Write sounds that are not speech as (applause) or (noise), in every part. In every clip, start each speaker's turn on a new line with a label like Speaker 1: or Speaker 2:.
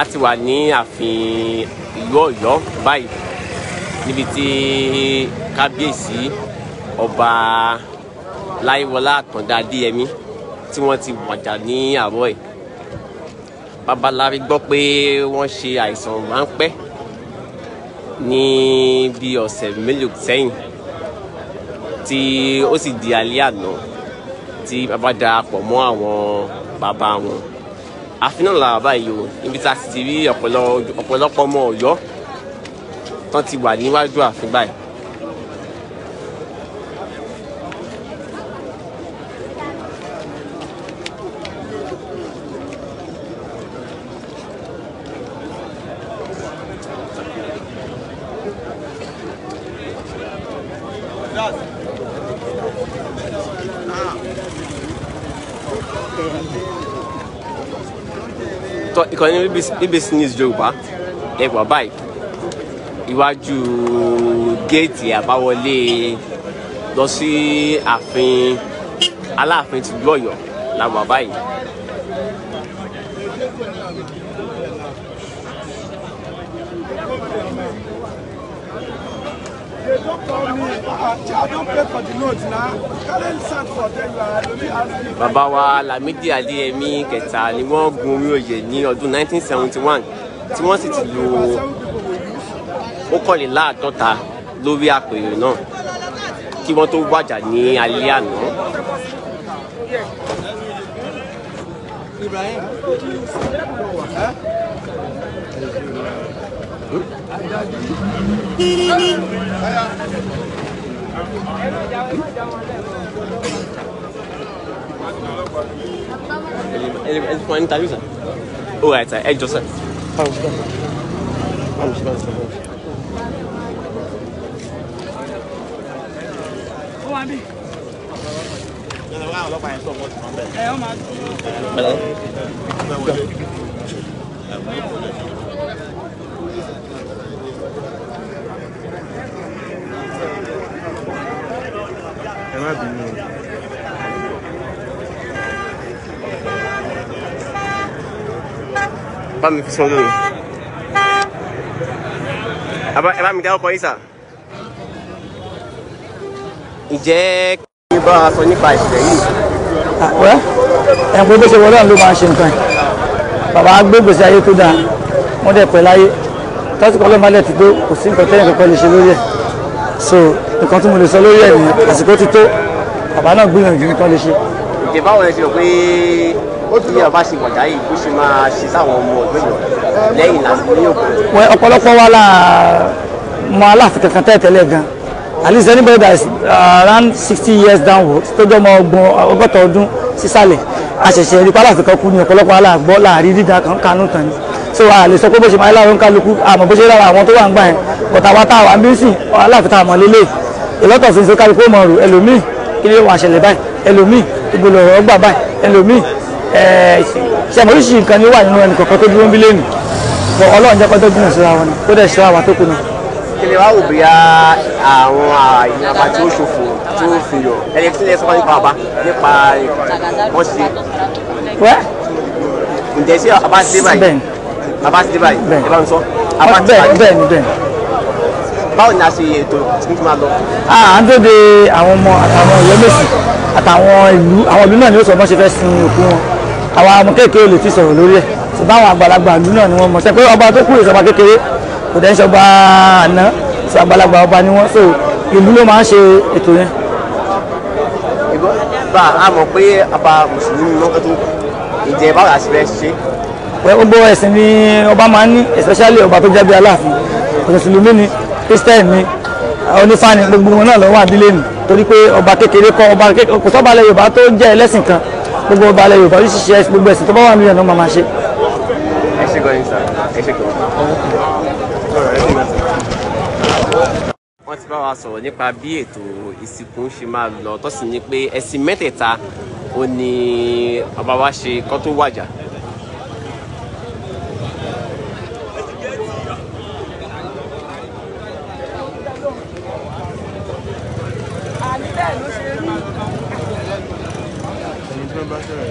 Speaker 1: a ti wà ní ààfin ìlú Ọ̀yọ́ báyìí níbi tí kábíyèsí ọba Láyéwọlá Àtàndá Adéyẹmí tí wọ́n ti wàjà ní àárọ̀ ẹ̀ babaláwi gbọ́ pé wọ́n ṣe àìsàn ráńpẹ́ ní bí ọ̀sẹ̀ mélòó sẹ́yìn tí ó sì di alẹ́ àná tí bàbá darapọ̀ mọ́ àwọn bàbá wọn àfin náà làwà báyìí o ibi tá a sì ti rí ọ̀pọ̀lọpọ̀ ọmọ ọ̀yọ́ tán ti wà níwájú àfin báyìí. tọ́ ìkànnì BBC News Yorùbá ẹ wà báyìí iwájú géètì àbáwọlé lọ sí ààfin aláàfin tìlú Ọ̀yọ́ la wà báyìí. Come on. Baba wa Lamidi Adéyẹmí kẹta ni wọ́n gun orí oyè ní ọdún 1971 tí wọ́n sì ti lò ọ̀kànléláàádọ́ta lórí àpèrè náà kí wọ́n tó wàjà ní alẹ́ àná. Ibrahim.
Speaker 2: Hmm?
Speaker 1: ẹ fún wa ní tajú sá ó rà ẹ̀ta ẹ jọ sá.
Speaker 3: Hello.
Speaker 4: má bínú.
Speaker 1: bá mi fi sọ́dọ̀ yìí. ẹ bá mi dárúkọ yín sà. ǹjẹ́ kí bá a sọ nípa ìṣẹ̀lẹ̀
Speaker 3: yìí. àwẹ́ ẹ̀kú tó ṣe wọlé ọ̀hún ló máa ṣe nǹkan yìí bàbá gbé ayé tó dáa wọ́n dẹ̀ pẹ́ láyé tọ́sí kọ́lọ́ máa ti tó kò sí nǹkan tẹ́yìn kankan lè ṣe lórí ẹ̀ so nǹkan tí mo lè sọ lórí ẹ̀ ní àsìkò ti tó bàbá náà gbìyànjú nǹkan lè ṣe.
Speaker 1: ìjẹ́ báwọn ẹ ṣe rò pé tí ọba ṣe wọ̀dá yìí bó ṣe máa ṣe sáwọn ọmọ ọ̀gbìn yìí lẹ́yìn lásìkò ní òkú.
Speaker 3: wẹ ọ̀pọ̀lọpọ̀ wa la mọ aláàfin kankan tẹ́ tẹ́lẹ̀ gan at least anybody that is uh, around sixty years downwards tó jọmọ ọgbọ̀n ọgọ́ta ọdún sísàlẹ̀ àṣẹ̀ṣẹ̀ ẹni pàlàfin kan kú ni ọ̀pọ̀lọpọ̀ aláàgbọ́ láàrin dídá kan kánú kan ni so a lè sọ pé bó ṣe máa ń láwọn kálukú àmọ́ bó ṣe lára àwọn tó wà ń gbà yẹn bọ̀tà wa tá a wà ń bí sìn aláàfin tá mọ̀ lélẹ́yìí ìlọ́tọ̀ ṣinṣin kárí kó mọ̀ rò ẹlòmíì kí ni wàá ṣẹlẹ̀ báyìí ẹlòmíì ìgbòlò ọ̀rọ̀ gbà báyìí ẹlòmíì eh, ṣàmúríṣì nǹkan ni wà nínú ẹnì kọ̀ọ̀kan tó dúró ń bí lẹ́nu bọ̀ ọlọ́run jẹ́ kọ́tọ́ gbìyànjú síra wọn ni kó dẹ̀ síra wa tó kù náà.
Speaker 1: kí ni wàá wò bí àwọn ìyàbá tí ó ṣòfò tó fi yọ ẹni tí lè sọ nípa àbá nípa wọn ṣe. ti dé báyìí abá báwo ni a ṣe ètò tí máa lọ.
Speaker 3: à ń dóde àwọn ọmọ àtàwọn ìyẹ́mẹ̀sì àtàwọn ìlú àwọn ìlú náà ni ó sọ bọ́n ṣe fẹ́ sin òkú wọn àwọn ọmọ kékeré lè ti sọ̀rọ̀ lórí ẹ̀ ṣùgbọ́n àwọn àgbàlagbà ìlú náà ni wọ́n mọ̀ ṣe pé ọba tó kú ìṣọba kékeré kò dẹ́ ṣọba àná ṣe àgbàlagbà ọba ni wọ́n so ìlú ló máa ń ṣe ètò yẹn.
Speaker 1: ìgbà a mọ̀ pé ọba mùsùlùmí lọ́kọ́ tó ìjẹ́ báwo la ṣe fẹ́ ṣe.
Speaker 3: gbogbo ẹ̀sìn ni ọba máa ń ní especially ọba tó jẹ́ bí aláàfin mùsùlùmí ni Christian ni onífàní gbogbo wọn náà ló wà nílé nì torí pé ọba kékeré kọ́ ọba kékeré kò sọ́ba alẹ́ Yorùbá tó jẹ́ ẹlẹ́sìn kan gbogbo ọba alẹ́ Yorùbá oríṣiríṣi gbogbo ẹ̀sìn tó bá wà nílẹ̀ náà máa máa ṣe.
Speaker 1: ẹ ṣe gan-an sir ẹ ṣe gan-an wọ́n ti bá wa sọ̀rọ̀ nípa bí ètò ìsìnkú ṣe máa lọ tó sì ní pé ẹ̀sìn mẹ́tẹ̀ẹ̀ta ò ní ọba wa ṣe kó tó wàjà ẹ̀yin olóṣèlú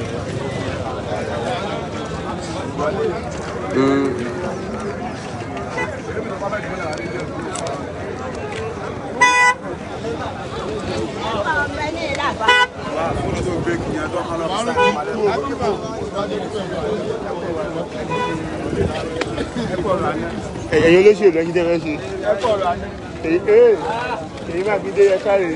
Speaker 2: ẹ̀yin tẹ́lẹ̀ ṣe èyí máa fi dé ẹ̀ka rẹ̀.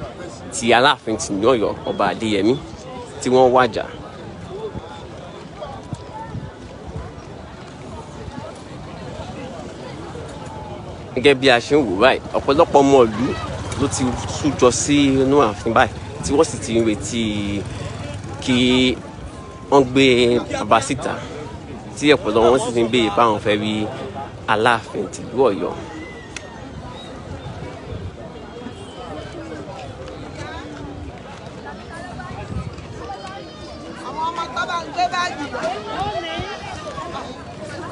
Speaker 1: ti aláàfin ti ní Ọ̀yọ́ ọba Adéyẹmí tí wọ́n wájà. gẹ́gẹ́ bí a ṣe ń wò báyìí ọ̀pọ̀lọpọ̀ ọmọ ìlú ló ti sújọ sí inú ààfin báyìí tí wọ́n sì ti ń retí kí wọ́n gbé bàbá síta tí ọ̀pọ̀lọpọ̀ wọn sì ti ń béèrè báwọn fẹ́ rí aláàfin tìlú Ọ̀yọ́.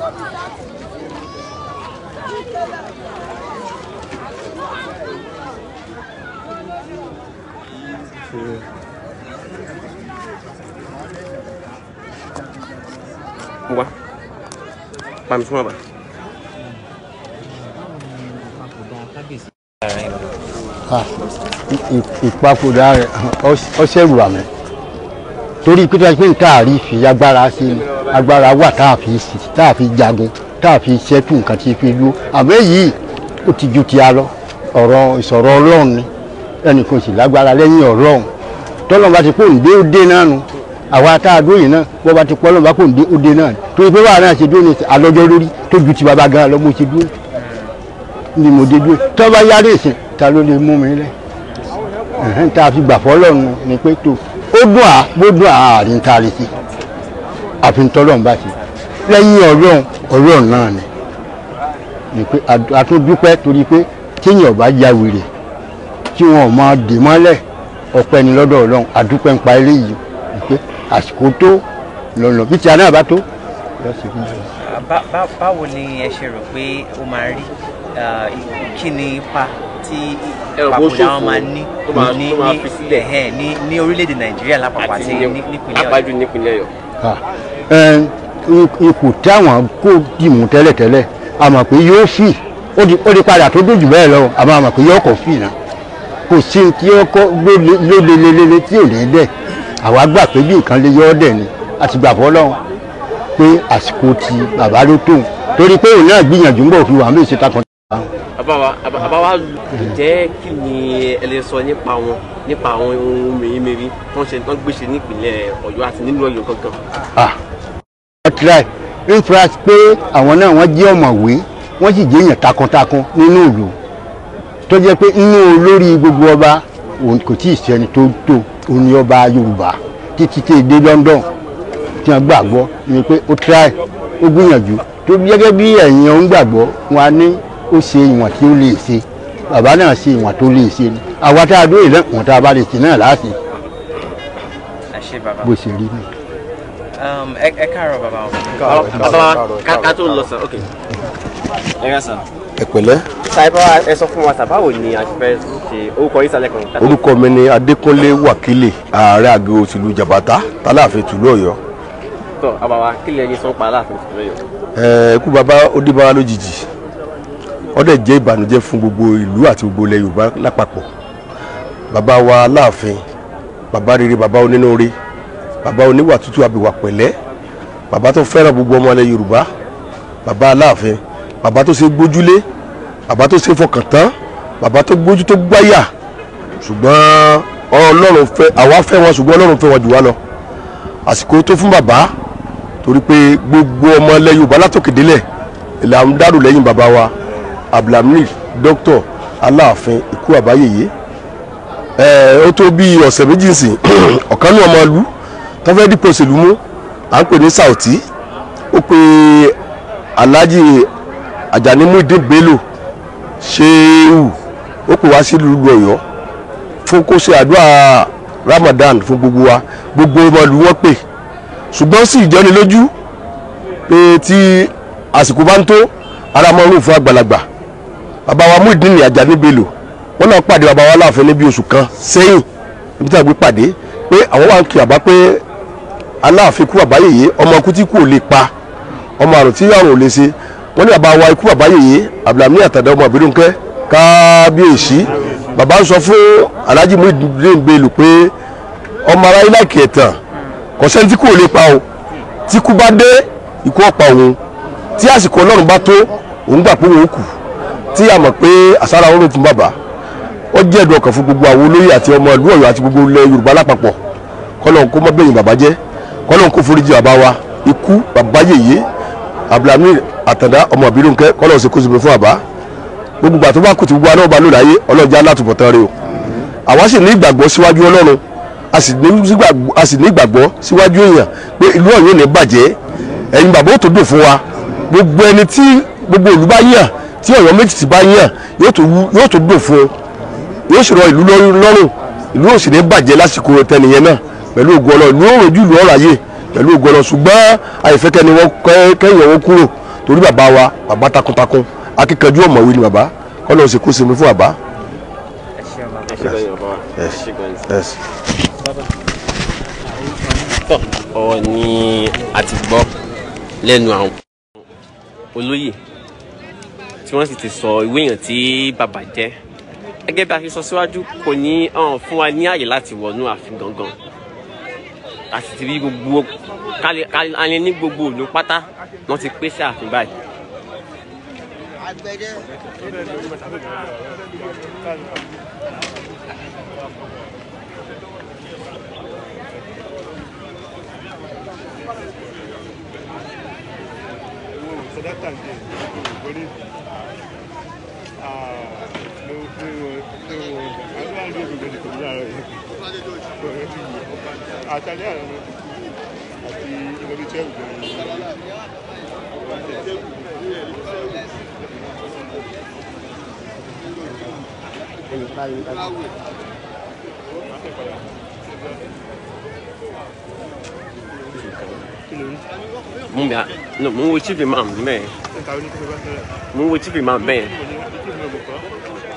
Speaker 4: Wa, bá
Speaker 1: mi súnmọ́ bá.
Speaker 2: Ìpapòdà rẹ̀ ọ̀ṣẹ́rù àmì torí pé tí wọ́n ti pé nǹkan àrífi agbára sí ni agbára wà tá a fi sì tá a fi jagun tá a fi ṣẹ́tù nǹkan tí fi dúró àmọ́ èyí ó ti ju ti a lọ ọ̀rọ̀ ìsọ̀rọ̀ ọlọ́run ni ẹnì kan sì lágbára lẹ́yìn ọlọ́run tọ́lọ́run bá ti pò ń ó dé náà nu àwa tá a dóyè náà bọ́ bá ti pọ́ lọ́run bá pò ń dé ó dé náà tó yẹ pé wàhálà náà ṣe dúró ní alọ́jọ́ lórí tó ju ti bàbá gan lọ́gbọ́n ṣe dúró ni mo dé dúró tọ́ bá yára ìsìn ta ló lè mú mi lẹ́ tá a fi gbà fọ́ lọ́run ni pé tó ó dùn à bó dùn à àárín tá a lè ṣe àfintọ́lọ́run bá ṣe lẹ́yìn ọlọ́run ọlọ́run náà ni àtúndúpẹ́ torí pé téèyàn bá ya wèrè tí wọn máa dè mọ́lẹ̀ ọpẹ́ ni lọ́dọ̀ ọlọ́run àdúpẹ́ ń pa eléyìí pé àsìkò tó lọ́nà bí tíya náà bá tó.
Speaker 1: báwo ni ẹ ṣe rò pé ó máa rí kí ni ipa tí papòdà wọn máa ní ní ní ní orílẹ̀-èdè nàìjíríà lápapọ̀ àti nípínlẹ̀ ọ̀yọ́.
Speaker 2: Ah ipò táwọn kò dìmú tẹ́lẹ̀tẹ́lẹ̀ a mọ̀ pé yóò fì ó di padà tó dùn jù bẹ́ẹ̀ lọ àmọ́ a mọ̀ pé yóò kọ̀ fì náà kò sí tí ó kọ́ lólelelele tí ò ní dẹ̀ àwa gbà pé bí nǹkan lè yọ ọ́ dẹ̀ ni a ti gbà bọ́ lọ́hùn pé àsìkò ti bàbá ló tóun torí pé òun náà gbìyànjú ń bọ̀ fi wà ń bè ṣe takàn
Speaker 1: àbáwá àbáwá jẹ́ kí ni ẹ lè sọ nípa wọn nípa àwọn ohun mèremère tó ń ṣe tó ń gbèsè nípìnlẹ̀ ọ̀yọ́ àti nílùú ọ̀yọ́ gangan
Speaker 2: try infras pé àwọn náà wọ́n jẹ́ ọ̀mọ̀wé wọ́n sì jẹ́ èèyàn takuntakun nínú ìlú tó jẹ́ pé inú olórí gbogbo ọba kò tí ì sẹ́ni tó tó òní ọba Yorùbá títí tí èdè London tí wọ́n gbàgbọ́ ni pé ó try ó gbìyànjú tó gẹ́gẹ́ bí ẹ̀yin ọ̀hún gbàgbọ́ wọn á ní ó ṣe ìwọ̀n tí ó lè ṣe bàbá náà ṣe ìwọ̀n tó lè ṣe àwa tá a dóye lẹ́kùn tá a bá lè ṣe náà láàṣì bó ṣe rí nìyí
Speaker 1: ẹ káàárọ̀ bàbá o bàbá ká tó lọ sàn ok ẹ yà sàn. ẹ pẹ̀lẹ́. sàìbá ẹ sọ fún wa sàbáwò ni a fẹ́ ṣe orúkọ yìí sálẹ̀ kan. orúkọ
Speaker 4: mi ni adékúnlé wákìlì ààrẹ àgọ́ tìlú jàbátá tálàfin tìlú Ọ̀yọ́.
Speaker 1: tọ àbàwà kílẹ̀ yín sọ pa aláàfin tìlú Ọ̀yọ́.
Speaker 4: ẹ ikú bàbá ó dé bára lójijì ó dẹ̀ jẹ́ ìbànújẹ́ fún gbogbo ìlú àti gbogbo ilẹ̀ Yorùbá lápapọ̀ bàbá wa aláàfin bàbá rere bàbá onínúure bàbá oníwà tútù àbíwà pẹ̀lẹ́ bàbá tó fẹ́ràn gbogbo ọmọ ilẹ̀ Yorùbá bàbá Aláàfin bàbá tó ṣe gbójúlé bàbá tó ṣe fọkàn tán bàbá tó gbójú tó gbáyà ṣùgbọ́n Ọlọ́run fẹ́ àwa fẹ́ wọn ṣùgbọ́n Ọlọ́run fẹ́ wọn jù wá lọ àsìkò tó fún bàbá torí pé gbogbo ọmọ ilẹ̀ Yorùbá látòkè délẹ̀ lẹ́yìn bàbá wa abdulhamid dókítọ̀ Aláàfin ikú àbáyèyé ẹ̀ ó tó bí ọ̀sẹ̀ méjì sìn (clears throat) ọ̀kan ní ọmọ ìlú wọ́n fẹ́ dípò òṣèlú mú à ń pè ní Saoti ó pe Alhaji Ajani Muideen Bello Shehu ó pè wá sílùú Ọ̀yọ́ fún kó ṣe àdúrà Ramadan fún gbogbo wa gbogbo ọmọ ìlú wọn pè ṣùgbọ́n sì jọni lójú pé tí àsìkò bá ń tó ara mọ́ orúfọ́ àgbàlagbà bàbá wa Muideen Ajani Bello wọn náà pàdé bàbá wa láàfin níbi oṣù kan sẹ́yìn níbi tí a gbé pàdé pé àwọn wà ń kí bàbá pé aláàfin kú àbáyèyé ọmọ ikú tí kú ò lè pa ọmọ àrùn tí àrùn ò lè ṣe wọ́n ní bàbá wa ikú àbáyèyé abdulhamid àtàdá ọmọ àbídúnkẹ́ kábíyèsí bàbá ń sọ fún alhaji muhammed bello pé ọmọ aráyé láìkì ẹ̀tàn kò sẹ́ni tí kú ò lè pa o tí kú bá dé ikú ọ̀pá òun tí àsìkò ọlọ́run bá tó òun gbà pé òun kù tí a mọ̀ pé àsárá òun fún bàbá ó jẹ́ ẹ̀dùn ọkàn fún gbogbo àwọn olóyè àti ọmọ ìlú ọ̀yọ́ àti gbogbo ilẹ̀ yorùbá lápapọ̀ kọ́lọ́n kó bàbá jẹ́ kọ́lọ́n kó foríjì bàbá wa ikú bàbá yèyé abdulhamid àtàndá ọmọ àbírùnkẹ́ kọ́lọ́n sì kó sùpè fún bàbá gbogbo ìgbà tó bá kù tí gbogbo aná bá lò láyé ọlọ́jà látùbọ̀tán rẹ o àwa sì ní ìgbàgbọ́ síwájú ọlọ́run a sì ní ìgbàgbọ́ síwájú èèyàn pé ìlú ọ̀yọ́ ní bàjẹ́ ẹ̀yin bàbá ó tó dùn fún wa gbogbo ẹni tí gbogbo ìlú bá yàn tí ọ̀yọ́ méjì ti bá yàn yóò tó dùn fún yóò sì rọ ìlú lọ́rùn ìlú ò sì ní bàjẹ́ lásìkò tẹnìyẹn náà pẹ̀lú ògùn ọlọ́run ní òòrùn jùlọ ọ̀rọ̀ ayé pẹ̀lú ògùn ọlọ́run ṣùgbọ́n àìfẹ́ kẹ́ni kẹ́yìn wọn kúrò torí bàbá wa bàbá takuntakun akíkanjú ọ̀mọ̀wé ni bàbá kọ́lọ́ ṣe kó sinmi fún bàbá.
Speaker 1: ọ̀rọ̀ ni a ti gbọ́ lẹ́nu àwọn olóyè tí wọ́n sì ti sọ ìwé èèyàn tí bàbá jẹ́ gẹ́gẹ́ bí a ṣe sọ síwájú kò ní fún wa ní àyè láti wọnú ààfin gangan àti ti rí gbogbo alẹ́ ní gbogbo òòlù pátá wọ́n ti pèsè ààfin báyìí.
Speaker 3: Agbẹjẹ
Speaker 2: àtàlẹ́ àrẹ mi àti ìlọbí tẹ́wù
Speaker 1: mun bɛ yan mun ma mɛ mun wo ci ma mɛ.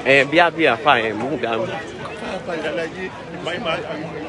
Speaker 1: Eh, bia bia, fine, mungu yangu.
Speaker 2: Fanya kwa ndalaji, maima